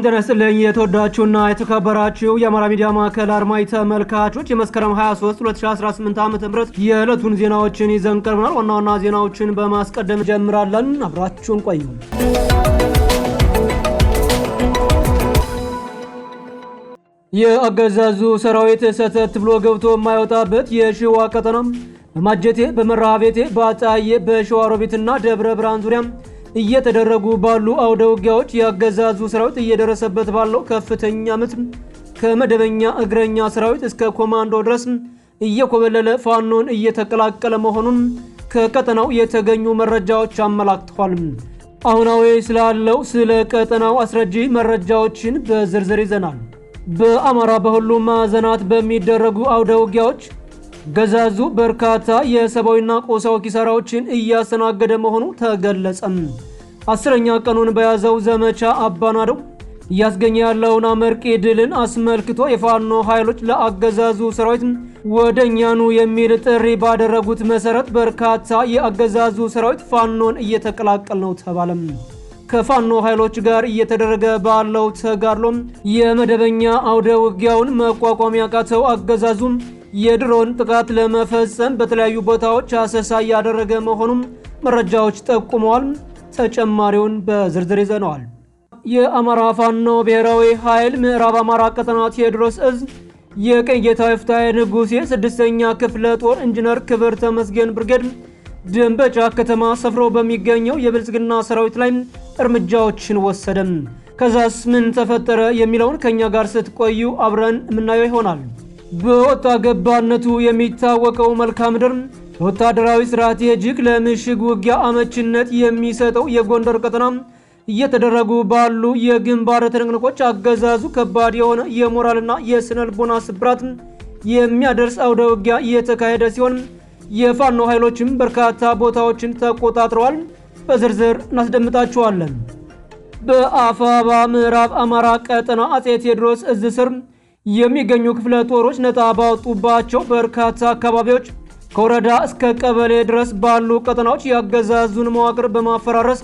እንደምን ስልኝ የተወዳችሁና የተከበራችሁ የአማራ ሚዲያ ማዕከል አርማይ ተመልካቾች የመስከረም 23 2018 ዓ.ም የዕለቱን ዜናዎችን ይዘን ቀርበናል። ዋና ዋና ዜናዎችን በማስቀደም ጀምራለን። አብራችሁን ቆዩ። የአገዛዙ ሰራዊት ሰተት ብሎ ገብቶ የማይወጣበት የሽዋ ቀጠና በማጀቴ፣ በመርሃቤቴ፣ በአጣዬ፣ በሸዋሮቢትና ደብረ ብርሃን ዙሪያም። እየተደረጉ ባሉ አውደ ውጊያዎች የአገዛዙ ሰራዊት እየደረሰበት ባለው ከፍተኛ ምት ከመደበኛ እግረኛ ሰራዊት እስከ ኮማንዶ ድረስ እየኮበለለ ፋኖን እየተቀላቀለ መሆኑን ከቀጠናው የተገኙ መረጃዎች አመላክተዋል። አሁናዊ ስላለው ስለ ቀጠናው አስረጂ መረጃዎችን በዝርዝር ይዘናል። በአማራ በሁሉም ማዕዘናት በሚደረጉ አውደ ውጊያዎች ገዛዙ በርካታ የሰብአዊና ቁሳዊ ኪሳራዎችን እያስተናገደ መሆኑ ተገለጸም። አስረኛ ቀኑን በያዘው ዘመቻ አባናደው እያስገኘ ያለውን አመርቂ ድልን አስመልክቶ የፋኖ ኃይሎች ለአገዛዙ ሰራዊት ወደኛኑ የሚል ጥሪ ባደረጉት መሰረት በርካታ የአገዛዙ ሰራዊት ፋኖን እየተቀላቀል ነው ተባለም። ከፋኖ ኃይሎች ጋር እየተደረገ ባለው ተጋድሎም የመደበኛ አውደ ውጊያውን መቋቋም ያቃተው አገዛዙም የድሮን ጥቃት ለመፈጸም በተለያዩ ቦታዎች አሰሳ እያደረገ መሆኑም መረጃዎች ጠቁመዋል። ተጨማሪውን በዝርዝር ይዘነዋል። የአማራ ፋኖ ብሔራዊ ኃይል ምዕራብ አማራ ቀጠና ቴዎድሮስ እዝ የቀኝ ጌታ ይፍታዬ ንጉሴ ስድስተኛ ክፍለ ጦር ኢንጂነር ክብር ተመስገን ብርጌድ ደንበጫ ከተማ ሰፍሮ በሚገኘው የብልጽግና ሰራዊት ላይ እርምጃዎችን ወሰደም። ከዛስ ምን ተፈጠረ የሚለውን ከእኛ ጋር ስትቆዩ አብረን የምናየው ይሆናል። በወጣ ገባነቱ የሚታወቀው መልክዓ ምድር ወታደራዊ ስትራቴጂክ ለምሽግ ውጊያ አመችነት የሚሰጠው የጎንደር ቀጠና እየተደረጉ ባሉ የግንባር ትንቅንቆች አገዛዙ ከባድ የሆነ የሞራልና የስነ ልቦና ስብራት የሚያደርስ አውደ ውጊያ እየተካሄደ ሲሆን የፋኖ ኃይሎችም በርካታ ቦታዎችን ተቆጣጥረዋል። በዝርዝር እናስደምጣችኋለን። በአፋባ ምዕራብ አማራ ቀጠና አጼ ቴዎድሮስ እዝ ስር የሚገኙ ክፍለ ጦሮች ነጣ ባወጡባቸው በርካታ አካባቢዎች ከወረዳ እስከ ቀበሌ ድረስ ባሉ ቀጠናዎች ያገዛዙን መዋቅር በማፈራረስ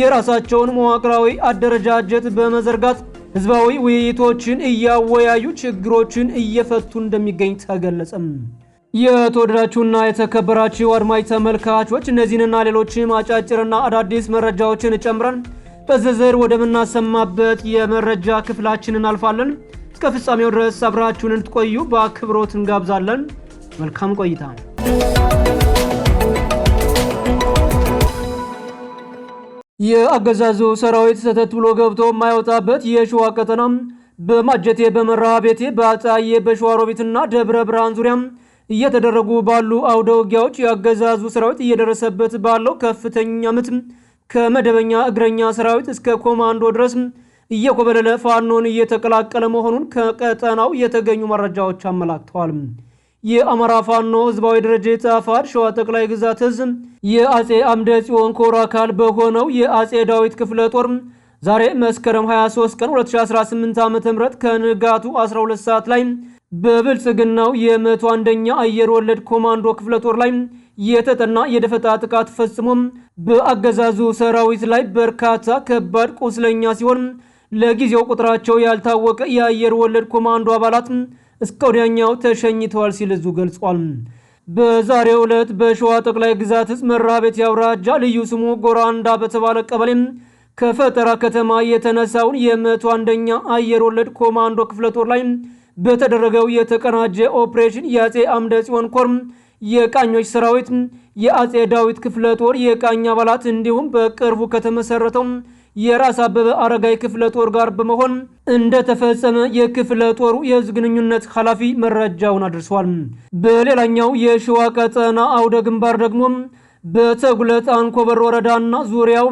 የራሳቸውን መዋቅራዊ አደረጃጀት በመዘርጋት ህዝባዊ ውይይቶችን እያወያዩ ችግሮችን እየፈቱ እንደሚገኝ ተገለጸም። የተወደዳችሁና የተከበራችሁ አድማጭ ተመልካቾች እነዚህንና ሌሎችም አጫጭርና አዳዲስ መረጃዎችን ጨምረን በዝርዝር ወደምናሰማበት የመረጃ ክፍላችን እናልፋለን። እስከ ፍጻሜው ድረስ አብራችሁን እንድትቆዩ በአክብሮት እንጋብዛለን። መልካም ቆይታ የአገዛዙ ሰራዊት ሰተት ብሎ ገብቶ የማይወጣበት የሸዋ ቀጠና በማጀቴ በመራሃ ቤቴ በአጣዬ በሸዋሮቢትና ደብረ ብርሃን ዙሪያም እየተደረጉ ባሉ አውደ ውጊያዎች የአገዛዙ ሰራዊት እየደረሰበት ባለው ከፍተኛ ምት ከመደበኛ እግረኛ ሰራዊት እስከ ኮማንዶ ድረስ እየኮበለለ ፋኖን እየተቀላቀለ መሆኑን ከቀጠናው የተገኙ መረጃዎች አመላክተዋል። የአማራ ፋኖ ህዝባዊ ድርጅት አፋድ ሸዋ ጠቅላይ ግዛት እዝ የአጼ አምደ ጽዮን ኮር አካል በሆነው የአጼ ዳዊት ክፍለ ጦር ዛሬ መስከረም 23 ቀን 2018 ዓ.ም ከንጋቱ 12 ሰዓት ላይ በብልጽግናው የመቶ አንደኛ አየር ወለድ ኮማንዶ ክፍለ ጦር ላይ የተጠና የደፈጣ ጥቃት ፈጽሞም በአገዛዙ ሰራዊት ላይ በርካታ ከባድ ቁስለኛ ሲሆን ለጊዜው ቁጥራቸው ያልታወቀ የአየር ወለድ ኮማንዶ አባላት እስከ ወዲያኛው ተሸኝተዋል ሲል እዙ ገልጿል። በዛሬው ዕለት በሸዋ ጠቅላይ ግዛት እዝ ቤት ያውራጃ ልዩ ስሙ ጎራንዳ በተባለ ቀበሌ ከፈጠራ ከተማ የተነሳውን የመቶ አንደኛ አየር ወለድ ኮማንዶ ክፍለ ጦር ላይ በተደረገው የተቀናጀ ኦፕሬሽን የአጼ አምደ ጽዮን ኮርም የቃኞች ሰራዊት፣ የአጼ ዳዊት ክፍለ ጦር የቃኝ አባላት እንዲሁም በቅርቡ ከተመሰረተው የራስ አበበ አረጋይ ክፍለ ጦር ጋር በመሆን እንደተፈጸመ የክፍለ ጦሩ የህዝብ ግንኙነት ኃላፊ መረጃውን አድርሷል። በሌላኛው የሸዋ ቀጠና አውደ ግንባር ደግሞ በተጉለት አንኮበር ወረዳና ዙሪያው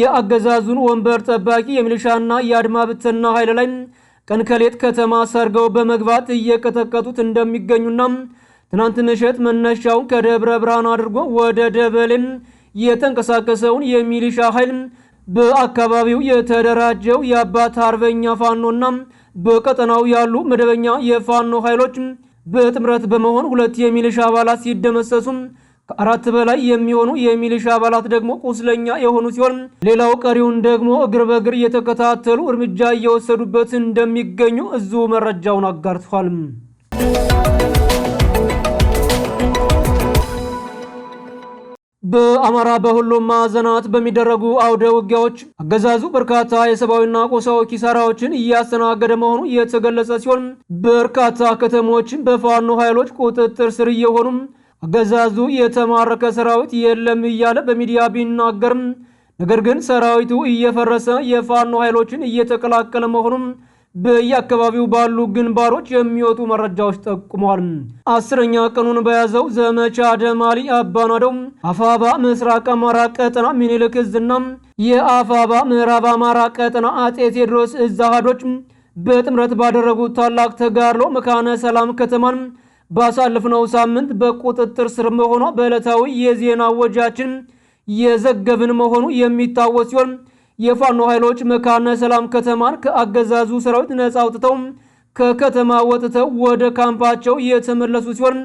የአገዛዙን ወንበር ጠባቂ የሚሊሻና የአድማ ብተና ኃይል ላይ ቀንከሌት ከተማ ሰርገው በመግባት እየቀጠቀጡት እንደሚገኙና ትናንት ምሽት መነሻውን ከደብረ ብርሃን አድርጎ ወደ ደበሌም የተንቀሳቀሰውን የሚሊሻ ኃይል በአካባቢው የተደራጀው የአባት አርበኛ ፋኖና በቀጠናው ያሉ መደበኛ የፋኖ ኃይሎች በጥምረት በመሆን ሁለት የሚሊሻ አባላት ሲደመሰሱ ከአራት በላይ የሚሆኑ የሚሊሻ አባላት ደግሞ ቁስለኛ የሆኑ ሲሆን ሌላው ቀሪውን ደግሞ እግር በእግር እየተከታተሉ እርምጃ እየወሰዱበት እንደሚገኙ እዙ መረጃውን አጋርቷል። በአማራ በሁሉም ማዕዘናት በሚደረጉ አውደ ውጊያዎች አገዛዙ በርካታ የሰብአዊና ቁሳዊ ኪሳራዎችን እያስተናገደ መሆኑ የተገለጸ ሲሆን በርካታ ከተሞችን በፋኖ ኃይሎች ቁጥጥር ስር እየሆኑም አገዛዙ የተማረከ ሰራዊት የለም እያለ በሚዲያ ቢናገርም ነገር ግን ሰራዊቱ እየፈረሰ የፋኖ ኃይሎችን እየተቀላቀለ መሆኑም በየአካባቢው ባሉ ግንባሮች የሚወጡ መረጃዎች ጠቁመዋል። አስረኛ ቀኑን በያዘው ዘመቻ ደማሊ አባናደው አፋባ ምስራቅ አማራ ቀጠና ሚኒልክ እዝና የአፋባ ምዕራብ አማራ ቀጠና አጤ ቴዎድሮስ እዝ አሃዶች በጥምረት ባደረጉት ታላቅ ተጋድሎ መካነ ሰላም ከተማን ባሳለፍነው ሳምንት በቁጥጥር ስር መሆኗ በዕለታዊ የዜና ወጃችን የዘገብን መሆኑ የሚታወስ ሲሆን የፋኖ ኃይሎች መካነ ሰላም ከተማን ከአገዛዙ ሰራዊት ነጻ አውጥተው ከከተማ ወጥተው ወደ ካምፓቸው የተመለሱ ሲሆን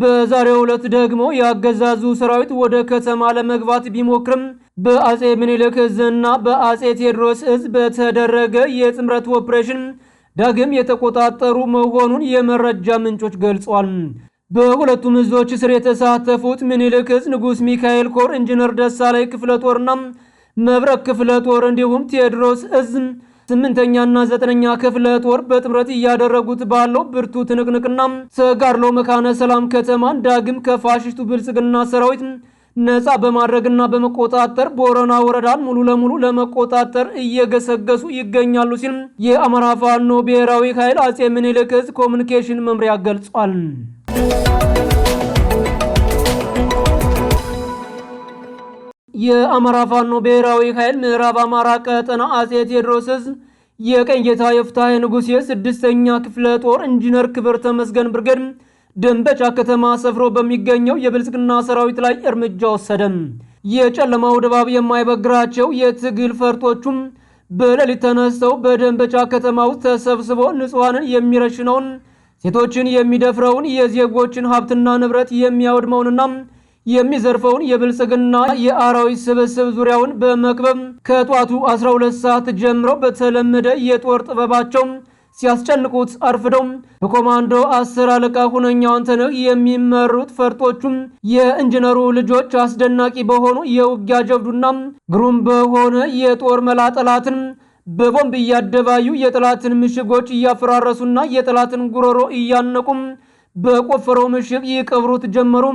በዛሬው ዕለት ደግሞ የአገዛዙ ሰራዊት ወደ ከተማ ለመግባት ቢሞክርም በአጼ ምኒልክ እዝና በአጼ ቴዎድሮስ እዝ በተደረገ የጥምረት ኦፕሬሽን ዳግም የተቆጣጠሩ መሆኑን የመረጃ ምንጮች ገልጿል። በሁለቱም እዞች ስር የተሳተፉት ምኒልክ እዝ ንጉሥ ሚካኤል ኮር ኢንጂነር ደሳላይ ክፍለ ጦርና መብረቅ ክፍለ ጦር እንዲሁም ቴዎድሮስ እዝም ስምንተኛና ዘጠነኛ ክፍለ ጦር በጥምረት እያደረጉት ባለው ብርቱ ትንቅንቅና ተጋድሎ መካነ ሰላም ከተማን ዳግም ከፋሽስቱ ብልጽግና ሰራዊት ነፃ በማድረግና በመቆጣጠር ቦረና ወረዳን ሙሉ ለሙሉ ለመቆጣጠር እየገሰገሱ ይገኛሉ ሲል የአማራ ፋኖ ብሔራዊ ኃይል አጼ ምኒልክ እዝ ኮሚኒኬሽን መምሪያ ገልጿል። የአማራ ፋኖ ብሔራዊ ኃይል ምዕራብ አማራ ቀጠና አጼ ቴዎድሮስ ዕዝ የቀኝ ጌታ የፍትሐ ንጉሥ የስድስተኛ ክፍለ ጦር ኢንጂነር ክብር ተመስገን ብርገድ ደንበጫ ከተማ ሰፍሮ በሚገኘው የብልጽግና ሰራዊት ላይ እርምጃ ወሰደም። የጨለማው ድባብ የማይበግራቸው የትግል ፈርጦቹም በሌሊት ተነስተው በደንበጫ ከተማ ውስጥ ተሰብስቦ ንጹሐንን የሚረሽነውን ሴቶችን የሚደፍረውን የዜጎችን ሀብትና ንብረት የሚያወድመውንና የሚዘርፈውን የብልጽግና የአራዊት ስብስብ ዙሪያውን በመክበብ ከጧቱ 12 ሰዓት ጀምሮ በተለመደ የጦር ጥበባቸው ሲያስጨንቁት አርፍደው በኮማንዶ አስር አለቃ ሁነኛ አንተነህ የሚመሩት ፈርጦቹም የኢንጂነሩ ልጆች አስደናቂ በሆኑ የውጊያ ጀብዱና ግሩም በሆነ የጦር መላ ጠላትን በቦምብ እያደባዩ የጠላትን ምሽጎች እያፈራረሱና የጠላትን ጉሮሮ እያነቁም በቆፈረው ምሽግ ይቀብሩት ጀመሩ።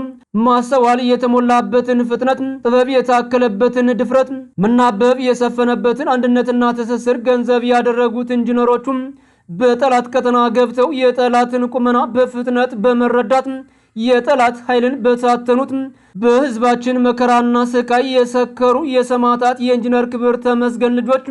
ማሰዋል የተሞላበትን ፍጥነት፣ ጥበብ የታከለበትን ድፍረት፣ መናበብ የሰፈነበትን አንድነትና ትስስር ገንዘብ ያደረጉት ኢንጂነሮቹ በጠላት ቀጠና ገብተው የጠላትን ቁመና በፍጥነት በመረዳት የጠላት ኃይልን በታተኑት በህዝባችን መከራና ስቃይ የሰከሩ የሰማዕታት የኢንጂነር ክብር ተመስገን ልጆች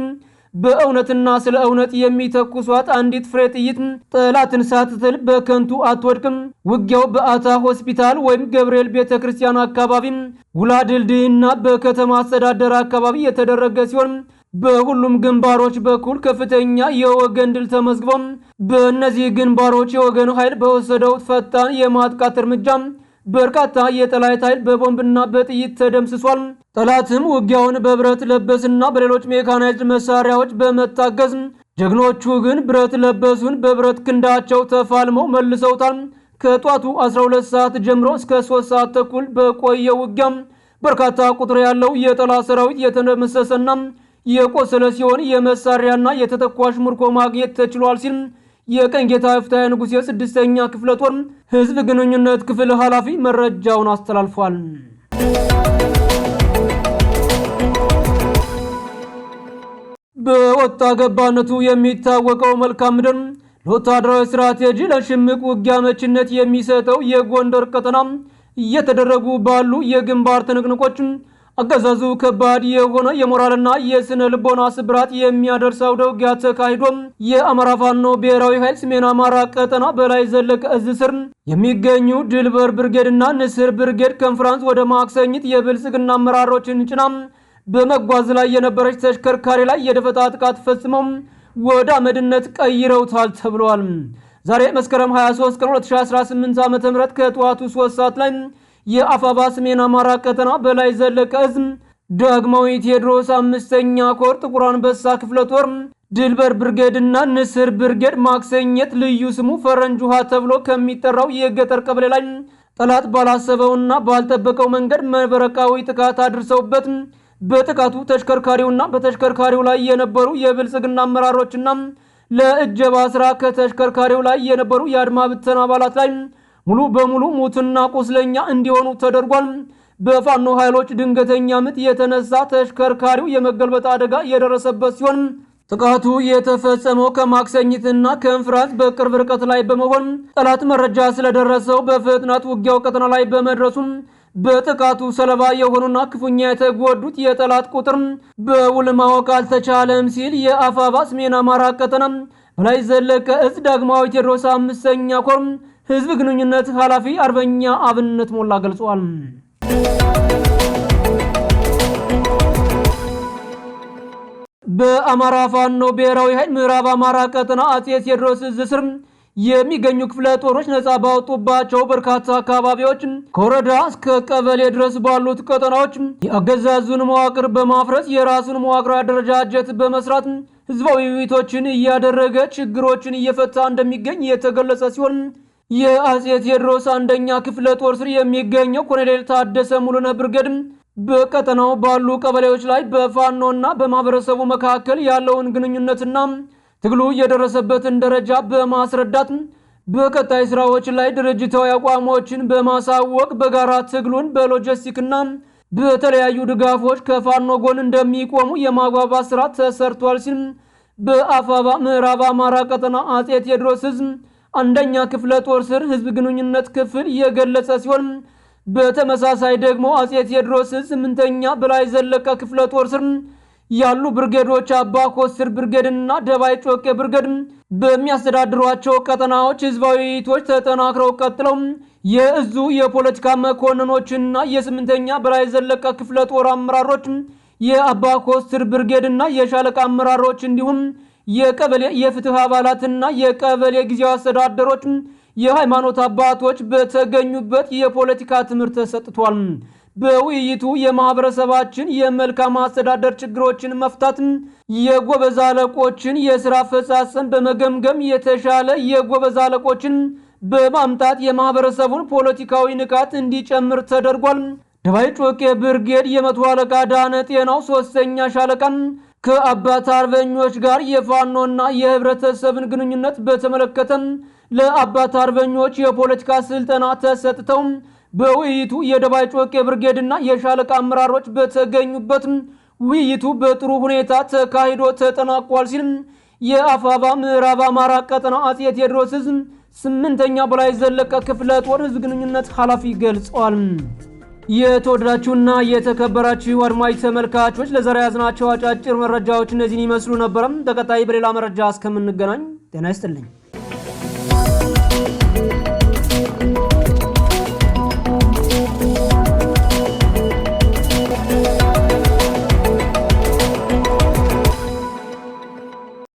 በእውነትና ስለ እውነት የሚተኩሷት አንዲት ፍሬ ጥይት ጠላትን ሳትትል በከንቱ አትወድቅም። ውጊያው በአታ ሆስፒታል ወይም ገብርኤል ቤተ ክርስቲያን አካባቢ፣ ጉላ ድልድይና በከተማ አስተዳደር አካባቢ የተደረገ ሲሆን በሁሉም ግንባሮች በኩል ከፍተኛ የወገን ድል ተመዝግቦ በእነዚህ ግንባሮች የወገን ኃይል በወሰደው ፈጣን የማጥቃት እርምጃ በርካታ የጠላት ኃይል በቦምብና በጥይት ተደምስሷል። ጠላትም ውጊያውን በብረት ለበስና በሌሎች ሜካናይዝድ መሳሪያዎች በመታገዝ ጀግኖቹ ግን ብረት ለበሱን በብረት ክንዳቸው ተፋልመው መልሰውታል። ከጧቱ 12 ሰዓት ጀምሮ እስከ 3 ሰዓት ተኩል በቆየ ውጊያም በርካታ ቁጥር ያለው የጠላት ሰራዊት የተደመሰሰና የቆሰለ ሲሆን የመሳሪያና የተተኳሽ ምርኮ ማግኘት ተችሏል ሲል የቀኝ ጌታ ፍትሐ ንጉሥ የስድስተኛ ክፍለ ጦር ህዝብ ግንኙነት ክፍል ኃላፊ መረጃውን አስተላልፏል። በወጣ ገባነቱ የሚታወቀው መልካም ምድር ለወታደራዊ ስትራቴጂ ለሽምቅ ውጊያ መችነት የሚሰጠው የጎንደር ቀጠና እየተደረጉ ባሉ የግንባር ትንቅንቆች አገዛዙ ከባድ የሆነ የሞራልና የስነ ልቦና ስብራት የሚያደርስ አውደ ውጊያ ተካሂዶም የአማራ ፋኖ ብሔራዊ ኃይል ሰሜን አማራ ቀጠና በላይ ዘለቀ እዝ ስር የሚገኙ ድልበር ብርጌድና ንስር ብርጌድ ኮንፈረንስ ወደ ማክሰኝት የብልጽግና አመራሮችን ጭና በመጓዝ ላይ የነበረች ተሽከርካሪ ላይ የደፈጣ ጥቃት ፈጽመው ወደ አመድነት ቀይረውታል ተብሏል። ዛሬ መስከረም 23 ቀን 2018 ዓ.ም ከጠዋቱ 3 ሰዓት ላይ የአፋባ ሰሜን አማራ ቀጠና በላይ ዘለቀ እዝም ዳግማዊ ቴዎድሮስ አምስተኛ ኮር ጥቁር አንበሳ ክፍለ ጦር ድልበር ብርጌድና ንስር ብርጌድ ማክሰኘት ልዩ ስሙ ፈረንጅ ውሃ ተብሎ ከሚጠራው የገጠር ቀበሌ ላይ ጠላት ባላሰበውና ባልጠበቀው መንገድ መብረቃዊ ጥቃት አድርሰውበት በጥቃቱ ተሽከርካሪውና በተሽከርካሪው ላይ የነበሩ የብልጽግና አመራሮችና ለእጀባ ስራ ከተሽከርካሪው ላይ የነበሩ የአድማ ብተና አባላት ላይ ሙሉ በሙሉ ሙትና ቁስለኛ እንዲሆኑ ተደርጓል። በፋኖ ኃይሎች ድንገተኛ ምት የተነሳ ተሽከርካሪው የመገልበጥ አደጋ የደረሰበት ሲሆን ጥቃቱ የተፈጸመው ከማክሰኝትና ከእንፍራት በቅርብ ርቀት ላይ በመሆን ጠላት መረጃ ስለደረሰው በፍጥነት ውጊያው ቀጠና ላይ በመድረሱም በጥቃቱ ሰለባ የሆኑና ክፉኛ የተጎዱት የጠላት ቁጥር በውል ማወቅ አልተቻለም ሲል የአፋባ ሰሜን አማራ ቀጠና በላይ ዘለቀ እዝ ዳግማዊ ቴዎድሮስ አምስተኛ ኮርም ህዝብ ግንኙነት ኃላፊ አርበኛ አብነት ሞላ ገልጿል። በአማራ ፋኖ ብሔራዊ ኃይል ምዕራብ አማራ ቀጠና አጼ ቴዎድሮስ እዝ ስር የሚገኙ ክፍለ ጦሮች ነጻ ባወጡባቸው በርካታ አካባቢዎች ከወረዳ እስከ ቀበሌ ድረስ ባሉት ቀጠናዎች የአገዛዙን መዋቅር በማፍረስ የራሱን መዋቅር አደረጃጀት በመስራት ህዝባዊ ውይይቶችን እያደረገ ችግሮችን እየፈታ እንደሚገኝ የተገለጸ ሲሆን የአጼ ቴዎድሮስ አንደኛ ክፍለ ጦር ስር የሚገኘው ኮሎኔል ታደሰ ሙሉነ ብርገድ በቀጠናው ባሉ ቀበሌዎች ላይ በፋኖና በማህበረሰቡ መካከል ያለውን ግንኙነትና ትግሉ የደረሰበትን ደረጃ በማስረዳት በቀጣይ ስራዎች ላይ ድርጅታዊ አቋሞችን በማሳወቅ በጋራ ትግሉን በሎጂስቲክና በተለያዩ ድጋፎች ከፋኖ ጎን እንደሚቆሙ የማግባባት ስራ ተሰርቷል ሲል በአፋባ ምዕራብ አማራ ቀጠና አጼ ቴዎድሮስ ህዝብ አንደኛ ክፍለ ጦር ስር ህዝብ ግንኙነት ክፍል የገለጸ ሲሆን በተመሳሳይ ደግሞ አጼ ቴዎድሮስ ስምንተኛ በላይ ዘለቀ ክፍለ ጦር ስር ያሉ ብርጌዶች አባ ኮስትር ብርጌድና ደባይ ጮቄ ብርጌድ በሚያስተዳድሯቸው ቀጠናዎች ህዝባዊ ውይይቶች ተጠናክረው ቀጥለው የእዙ የፖለቲካ መኮንኖችና የስምንተኛ በላይ ዘለቀ ክፍለ ጦር አመራሮች የአባ ኮስትር ብርጌድና የሻለቃ አመራሮች እንዲሁም የቀበሌ የፍትህ አባላትና የቀበሌ ጊዜያዊ አስተዳደሮች የሃይማኖት አባቶች በተገኙበት የፖለቲካ ትምህርት ተሰጥቷል። በውይይቱ የማህበረሰባችን የመልካም አስተዳደር ችግሮችን መፍታት፣ የጎበዝ አለቆችን የስራ አፈጻጸም በመገምገም የተሻለ የጎበዝ አለቆችን በማምጣት የማህበረሰቡን ፖለቲካዊ ንቃት እንዲጨምር ተደርጓል። ደባይ ጮቄ ብርጌድ የመቶ አለቃ ዳነ ጤናው ሶስተኛ ሻለቃን ከአባት አርበኞች ጋር የፋኖና የህብረተሰብን ግንኙነት በተመለከተም ለአባት አርበኞች የፖለቲካ ስልጠና ተሰጥተው በውይይቱ የደባይ ጮቄ ብርጌድና የሻለቃ አመራሮች በተገኙበት ውይይቱ በጥሩ ሁኔታ ተካሂዶ ተጠናቋል ሲል የአፋባ ምዕራብ አማራ ቀጠና አጼ ቴዎድሮስ ስምንተኛ በላይ ዘለቀ ክፍለ ጦር ህዝብ ግንኙነት ኃላፊ ገልጸዋል። የተወደዳችሁና የተከበራችሁ አድማጭ ተመልካቾች ለዛሬ ያዝናቸው አጫጭር መረጃዎች እነዚህን ይመስሉ ነበረም። በቀጣይ በሌላ መረጃ እስከምንገናኝ ጤና ይስጥልኝ።